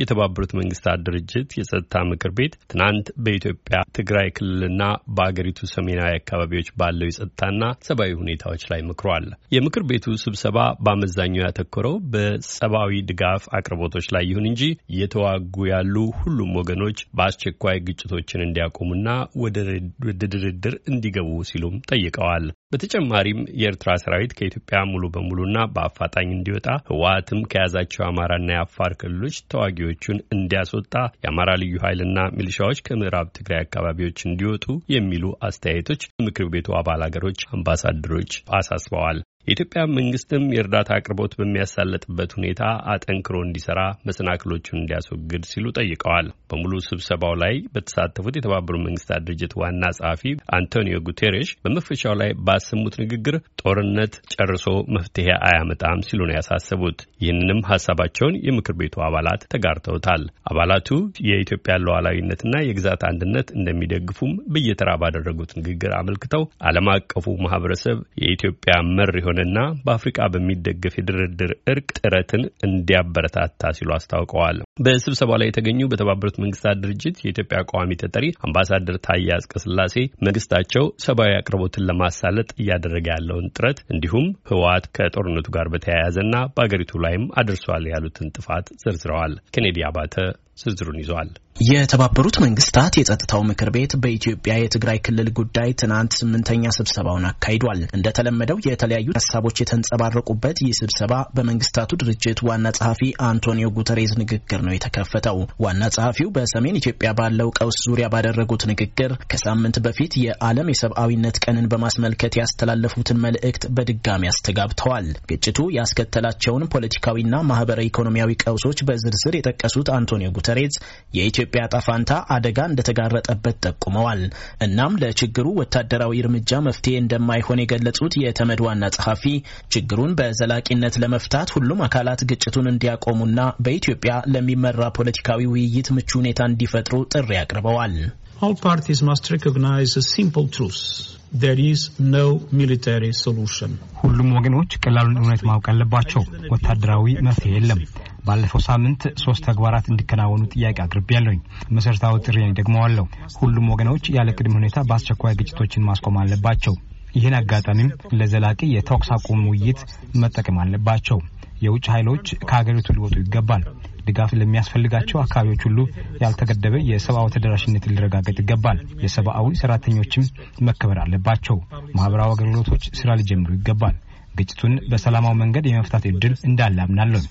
የተባበሩት መንግስታት ድርጅት የጸጥታ ምክር ቤት ትናንት በኢትዮጵያ ትግራይ ክልልና በአገሪቱ ሰሜናዊ አካባቢዎች ባለው የጸጥታና ሰብአዊ ሁኔታዎች ላይ መክሯል። የምክር ቤቱ ስብሰባ በአመዛኙ ያተኮረው በሰብአዊ ድጋፍ አቅርቦቶች ላይ ይሁን እንጂ እየተዋጉ ያሉ ሁሉም ወገኖች በአስቸኳይ ግጭቶችን እንዲያቆሙና ወደ ድርድር እንዲገቡ ሲሉም ጠይቀዋል። በተጨማሪም የኤርትራ ሰራዊት ከኢትዮጵያ ሙሉ በሙሉና በአፋጣኝ እንዲወጣ፣ ህወሓትም ከያዛቸው አማራና የአፋር ክልሎች ተዋጊዎች ታጣቂዎቹን እንዲያስወጣ የአማራ ልዩ ኃይልና ሚሊሻዎች ከምዕራብ ትግራይ አካባቢዎች እንዲወጡ የሚሉ አስተያየቶች ምክር ቤቱ አባል ሀገሮች አምባሳደሮች አሳስበዋል። የኢትዮጵያ መንግስትም የእርዳታ አቅርቦት በሚያሳለጥበት ሁኔታ አጠንክሮ እንዲሰራ መሰናክሎቹን እንዲያስወግድ ሲሉ ጠይቀዋል። በሙሉ ስብሰባው ላይ በተሳተፉት የተባበሩት መንግስታት ድርጅት ዋና ጸሐፊ አንቶኒዮ ጉቴሬሽ በመፈቻው ላይ ባሰሙት ንግግር ጦርነት ጨርሶ መፍትሄ አያመጣም ሲሉ ነው ያሳሰቡት። ይህንንም ሀሳባቸውን የምክር ቤቱ አባላት ተጋርተውታል። አባላቱ የኢትዮጵያ ሉዓላዊነትና የግዛት አንድነት እንደሚደግፉም በየተራ ባደረጉት ንግግር አመልክተው ዓለም አቀፉ ማህበረሰብ የኢትዮጵያ መር እንደሆነና በአፍሪቃ በሚደገፍ የድርድር እርቅ ጥረትን እንዲያበረታታ ሲሉ አስታውቀዋል። በስብሰባው ላይ የተገኙ በተባበሩት መንግስታት ድርጅት የኢትዮጵያ ቋሚ ተጠሪ አምባሳደር ታዬ አጽቀሥላሴ መንግስታቸው ሰብአዊ አቅርቦትን ለማሳለጥ እያደረገ ያለውን ጥረት እንዲሁም ህወሓት ከጦርነቱ ጋር በተያያዘና በአገሪቱ ላይም አድርሷል ያሉትን ጥፋት ዘርዝረዋል። ኬኔዲ አባተ ዝርዝሩን ይዟል። የተባበሩት መንግስታት የጸጥታው ምክር ቤት በኢትዮጵያ የትግራይ ክልል ጉዳይ ትናንት ስምንተኛ ስብሰባውን አካሂዷል። እንደተለመደው የተለያዩ ሀሳቦች የተንጸባረቁበት ይህ ስብሰባ በመንግስታቱ ድርጅት ዋና ጸሐፊ አንቶኒዮ ጉተሬዝ ንግግር ነው የተከፈተው። ዋና ጸሐፊው በሰሜን ኢትዮጵያ ባለው ቀውስ ዙሪያ ባደረጉት ንግግር ከሳምንት በፊት የዓለም የሰብአዊነት ቀንን በማስመልከት ያስተላለፉትን መልእክት በድጋሚ አስተጋብተዋል። ግጭቱ ያስከተላቸውን ፖለቲካዊና ማህበራዊ ኢኮኖሚያዊ ቀውሶች በዝርዝር የጠቀሱት አንቶኒዮ ጉተሬዝ የኢትዮጵያ ጣፋንታ ፋንታ አደጋ እንደተጋረጠበት ጠቁመዋል። እናም ለችግሩ ወታደራዊ እርምጃ መፍትሄ እንደማይሆን የገለጹት የተመድ ዋና ጸሐፊ ችግሩን በዘላቂነት ለመፍታት ሁሉም አካላት ግጭቱን እንዲያቆሙና በኢትዮጵያ ለሚመራ ፖለቲካዊ ውይይት ምቹ ሁኔታ እንዲፈጥሩ ጥሪ አቅርበዋል። All parties must recognize a simple truth. There is no military solution. ሁሉም ወገኖች ቀላሉን እውነት ማወቅ አለባቸው። ወታደራዊ መፍትሄ የለም። ባለፈው ሳምንት ሶስት ተግባራት እንዲከናወኑ ጥያቄ አቅርቤያለሁኝ። መሰረታዊ ጥሪዬን ደግሞ አለው ሁሉም ወገኖች ያለ ቅድመ ሁኔታ በአስቸኳይ ግጭቶችን ማስቆም አለባቸው። ይህን አጋጣሚም ለዘላቂ የተኩስ አቁም ውይይት መጠቀም አለባቸው። የውጭ ኃይሎች ከሀገሪቱ ሊወጡ ይገባል። ድጋፍ ለሚያስፈልጋቸው አካባቢዎች ሁሉ ያልተገደበ የሰብአዊ ተደራሽነት ሊረጋገጥ ይገባል። የሰብአዊ ሰራተኞችም መከበር አለባቸው። ማህበራዊ አገልግሎቶች ስራ ሊጀምሩ ይገባል። ግጭቱን በሰላማዊ መንገድ የመፍታት እድል እንዳለ አምናለሁ።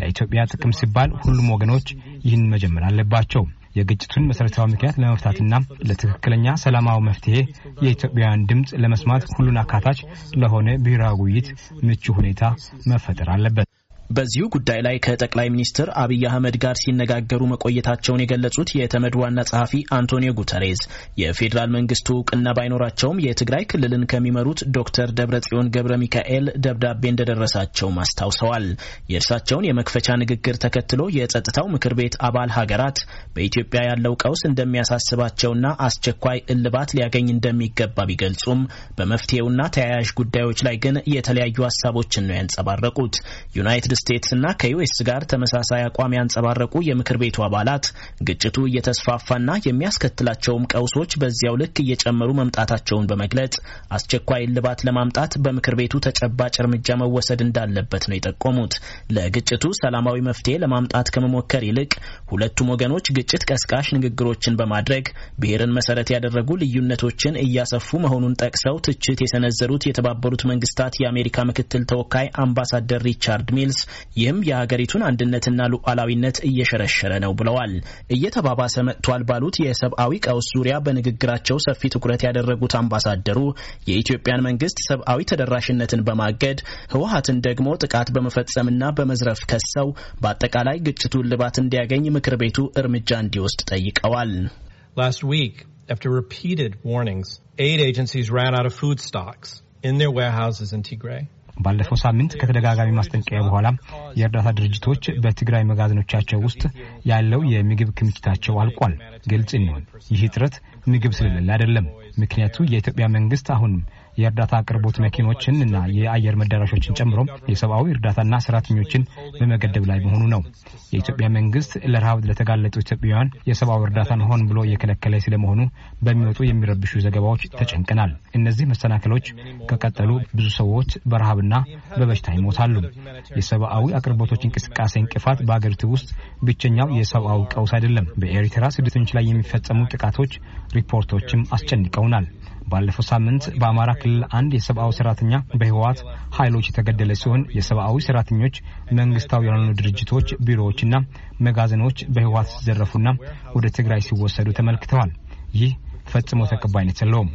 ለኢትዮጵያ ጥቅም ሲባል ሁሉም ወገኖች ይህን መጀመር አለባቸው። የግጭቱን መሰረታዊ ምክንያት ለመፍታትና ለትክክለኛ ሰላማዊ መፍትሄ የኢትዮጵያውያን ድምፅ ለመስማት ሁሉን አካታች ለሆነ ብሔራዊ ውይይት ምቹ ሁኔታ መፈጠር አለበት። በዚሁ ጉዳይ ላይ ከጠቅላይ ሚኒስትር አብይ አህመድ ጋር ሲነጋገሩ መቆየታቸውን የገለጹት የተመድ ዋና ጸሐፊ አንቶኒዮ ጉተሬዝ የፌዴራል መንግስቱ እውቅና ባይኖራቸውም የትግራይ ክልልን ከሚመሩት ዶክተር ደብረጽዮን ገብረ ሚካኤል ደብዳቤ እንደደረሳቸውም አስታውሰዋል። የእርሳቸውን የመክፈቻ ንግግር ተከትሎ የጸጥታው ምክር ቤት አባል ሀገራት በኢትዮጵያ ያለው ቀውስ እንደሚያሳስባቸውና አስቸኳይ እልባት ሊያገኝ እንደሚገባ ቢገልጹም በመፍትሄውና ተያያዥ ጉዳዮች ላይ ግን የተለያዩ ሀሳቦችን ነው ያንጸባረቁት። ዩናይትድ ስቴትስ እና ከዩኤስ ጋር ተመሳሳይ አቋም ያንጸባረቁ የምክር ቤቱ አባላት ግጭቱ እየተስፋፋና የሚያስከትላቸውም ቀውሶች በዚያው ልክ እየጨመሩ መምጣታቸውን በመግለጽ አስቸኳይ እልባት ለማምጣት በምክር ቤቱ ተጨባጭ እርምጃ መወሰድ እንዳለበት ነው የጠቆሙት። ለግጭቱ ሰላማዊ መፍትሄ ለማምጣት ከመሞከር ይልቅ ሁለቱም ወገኖች ግጭት ቀስቃሽ ንግግሮችን በማድረግ ብሔርን መሰረት ያደረጉ ልዩነቶችን እያሰፉ መሆኑን ጠቅሰው ትችት የሰነዘሩት የተባበሩት መንግስታት የአሜሪካ ምክትል ተወካይ አምባሳደር ሪቻርድ ሚልስ ይህም የሀገሪቱን አንድነትና ሉዓላዊነት እየሸረሸረ ነው ብለዋል። እየተባባሰ መጥቷል ባሉት የሰብአዊ ቀውስ ዙሪያ በንግግራቸው ሰፊ ትኩረት ያደረጉት አምባሳደሩ የኢትዮጵያን መንግስት ሰብአዊ ተደራሽነትን በማገድ ህወሀትን ደግሞ ጥቃት በመፈጸምና በመዝረፍ ከሰው በአጠቃላይ ግጭቱ እልባት እንዲያገኝ ምክር ቤቱ እርምጃ እንዲወስድ ጠይቀዋል። Last week, after repeated warnings, aid agencies ran out of food stocks in their warehouses in Tigray. ባለፈው ሳምንት ከተደጋጋሚ ማስጠንቀቂያ በኋላ የእርዳታ ድርጅቶች በትግራይ መጋዘኖቻቸው ውስጥ ያለው የምግብ ክምችታቸው አልቋል። ግልጽ ይህ ጥረት ምግብ ስለሌለ አይደለም። ምክንያቱ የኢትዮጵያ መንግስት አሁንም የእርዳታ አቅርቦት መኪኖችን እና የአየር መዳረሾችን ጨምሮ የሰብአዊ እርዳታና ሰራተኞችን በመገደብ ላይ መሆኑ ነው። የኢትዮጵያ መንግስት ለረሃብ ለተጋለጡ ኢትዮጵያውያን የሰብአዊ እርዳታን ሆን ብሎ እየከለከለ ስለመሆኑ በሚወጡ የሚረብሹ ዘገባዎች ተጨንቀናል። እነዚህ መሰናክሎች ከቀጠሉ ብዙ ሰዎች በረሃብና በበሽታ ይሞታሉ። የሰብአዊ አቅርቦቶች እንቅስቃሴ እንቅፋት በአገሪቱ ውስጥ ብቸኛው የሰብአዊ ቀውስ አይደለም። በኤሪትራ ስደተኞች ላይ የሚፈጸሙ ጥቃቶች ሪፖርቶችም አስጨንቀውናል። ባለፈው ሳምንት በአማራ ክልል አንድ የሰብአዊ ሰራተኛ በህወሓት ኃይሎች የተገደለ ሲሆን የሰብአዊ ሰራተኞች መንግስታዊ ያልሆኑ ድርጅቶች ቢሮዎችና መጋዘኖች በህወሓት ሲዘረፉና ወደ ትግራይ ሲወሰዱ ተመልክተዋል። ይህ ፈጽሞ ተቀባይነት የለውም።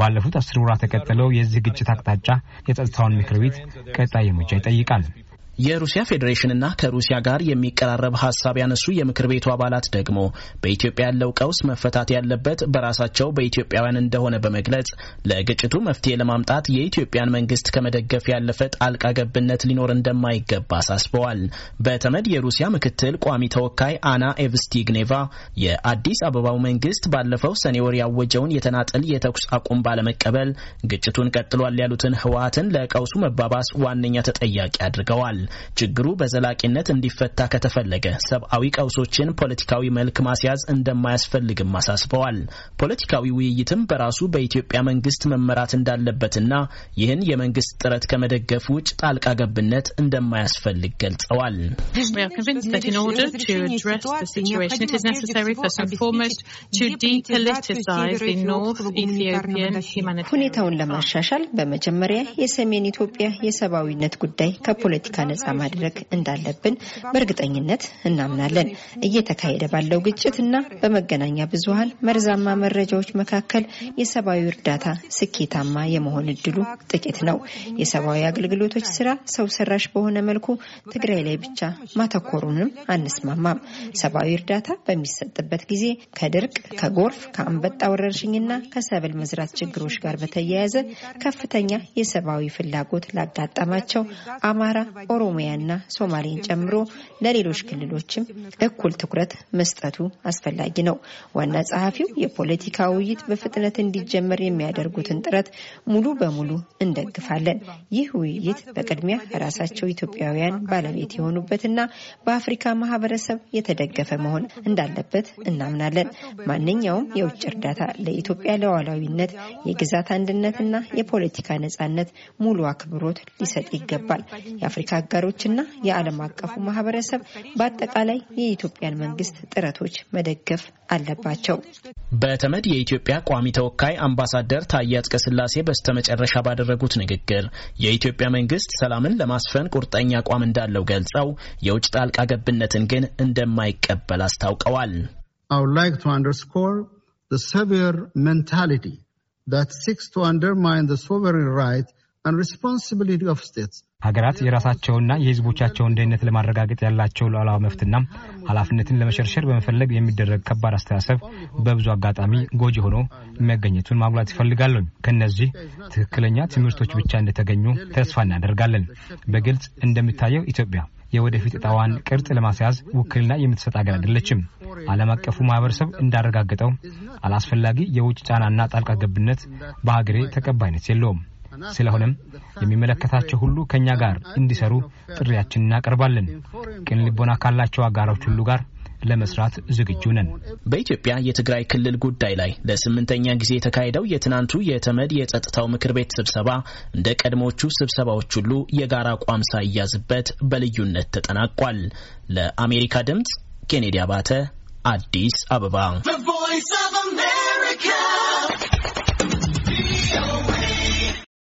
ባለፉት አስር ወራት የቀጠለው የዚህ ግጭት አቅጣጫ የጸጥታውን ምክር ቤት ቀጣይ እርምጃ ይጠይቃል። የሩሲያ ፌዴሬሽንና ከሩሲያ ጋር የሚቀራረብ ሀሳብ ያነሱ የምክር ቤቱ አባላት ደግሞ በኢትዮጵያ ያለው ቀውስ መፈታት ያለበት በራሳቸው በኢትዮጵያውያን እንደሆነ በመግለጽ ለግጭቱ መፍትሄ ለማምጣት የኢትዮጵያን መንግስት ከመደገፍ ያለፈ ጣልቃ ገብነት ሊኖር እንደማይገባ አሳስበዋል። በተመድ የሩሲያ ምክትል ቋሚ ተወካይ አና ኤቭስቲግኔቫ የአዲስ አበባው መንግስት ባለፈው ሰኔ ወር ያወጀውን የተናጠል የተኩስ አቁም ባለመቀበል ግጭቱን ቀጥሏል ያሉትን ህወሀትን ለቀውሱ መባባስ ዋነኛ ተጠያቂ አድርገዋል። ችግሩ በዘላቂነት እንዲፈታ ከተፈለገ ሰብአዊ ቀውሶችን ፖለቲካዊ መልክ ማስያዝ እንደማያስፈልግም አሳስበዋል። ፖለቲካዊ ውይይትም በራሱ በኢትዮጵያ መንግስት መመራት እንዳለበትና ይህን የመንግስት ጥረት ከመደገፍ ውጭ ጣልቃ ገብነት እንደማያስፈልግ ገልጸዋል። ሁኔታውን ለማሻሻል በመጀመሪያ የሰሜን ኢትዮጵያ የሰብአዊነት ጉዳይ ከፖለቲካ እንዲነሳ ማድረግ እንዳለብን በእርግጠኝነት እናምናለን። እየተካሄደ ባለው ግጭት እና በመገናኛ ብዙሃን መርዛማ መረጃዎች መካከል የሰብአዊ እርዳታ ስኬታማ የመሆን እድሉ ጥቂት ነው። የሰብአዊ አገልግሎቶች ስራ ሰው ሰራሽ በሆነ መልኩ ትግራይ ላይ ብቻ ማተኮሩንም አንስማማም። ሰብአዊ እርዳታ በሚሰጥበት ጊዜ ከድርቅ፣ ከጎርፍ፣ ከአንበጣ ወረርሽኝና ከሰብል መዝራት ችግሮች ጋር በተያያዘ ከፍተኛ የሰብአዊ ፍላጎት ላጋጠማቸው አማራ ኦሮሚያና ሶማሌን ጨምሮ ለሌሎች ክልሎችም እኩል ትኩረት መስጠቱ አስፈላጊ ነው። ዋና ጸሐፊው የፖለቲካ ውይይት በፍጥነት እንዲጀመር የሚያደርጉትን ጥረት ሙሉ በሙሉ እንደግፋለን። ይህ ውይይት በቅድሚያ ራሳቸው ኢትዮጵያውያን ባለቤት የሆኑበትና በአፍሪካ ማህበረሰብ የተደገፈ መሆን እንዳለበት እናምናለን። ማንኛውም የውጭ እርዳታ ለኢትዮጵያ ለዋላዊነት የግዛት አንድነትና የፖለቲካ ነጻነት ሙሉ አክብሮት ሊሰጥ ይገባል። የአፍሪካ አጋሮችና የዓለም አቀፉ ማህበረሰብ በአጠቃላይ የኢትዮጵያን መንግስት ጥረቶች መደገፍ አለባቸው። በተመድ የኢትዮጵያ ቋሚ ተወካይ አምባሳደር ታዬ አጽቀሥላሴ በስተመጨረሻ ባደረጉት ንግግር የኢትዮጵያ መንግስት ሰላምን ለማስፈን ቁርጠኛ አቋም እንዳለው ገልጸው የውጭ ጣልቃ ገብነትን ግን እንደማይቀበል አስታውቀዋል። I would like to that seeks to undermine the sovereign right ሀገራት የራሳቸውና የሕዝቦቻቸውን ደህንነት ለማረጋገጥ ያላቸው ሉዓላዊ መብትና ኃላፊነትን ለመሸርሸር በመፈለግ የሚደረግ ከባድ አስተሳሰብ በብዙ አጋጣሚ ጎጂ ሆኖ መገኘቱን ማጉላት ይፈልጋሉ። ከነዚህ ትክክለኛ ትምህርቶች ብቻ እንደተገኙ ተስፋ እናደርጋለን። በግልጽ እንደሚታየው ኢትዮጵያ የወደፊት እጣዋን ቅርጽ ለማስያዝ ውክልና የምትሰጥ አገር አይደለችም። ዓለም አቀፉ ማህበረሰብ እንዳረጋገጠው አላስፈላጊ የውጭ ጫናና ጣልቃ ገብነት በሀገሬ ተቀባይነት የለውም። ስለሆነም የሚመለከታቸው ሁሉ ከእኛ ጋር እንዲሰሩ ጥሪያችን እናቀርባለን። ቅን ልቦና ካላቸው አጋሮች ሁሉ ጋር ለመስራት ዝግጁ ነን። በኢትዮጵያ የትግራይ ክልል ጉዳይ ላይ ለስምንተኛ ጊዜ የተካሄደው የትናንቱ የተመድ የጸጥታው ምክር ቤት ስብሰባ እንደ ቀድሞቹ ስብሰባዎች ሁሉ የጋራ አቋም ሳይያዝበት በልዩነት ተጠናቋል። ለአሜሪካ ድምፅ ኬኔዲ አባተ አዲስ አበባ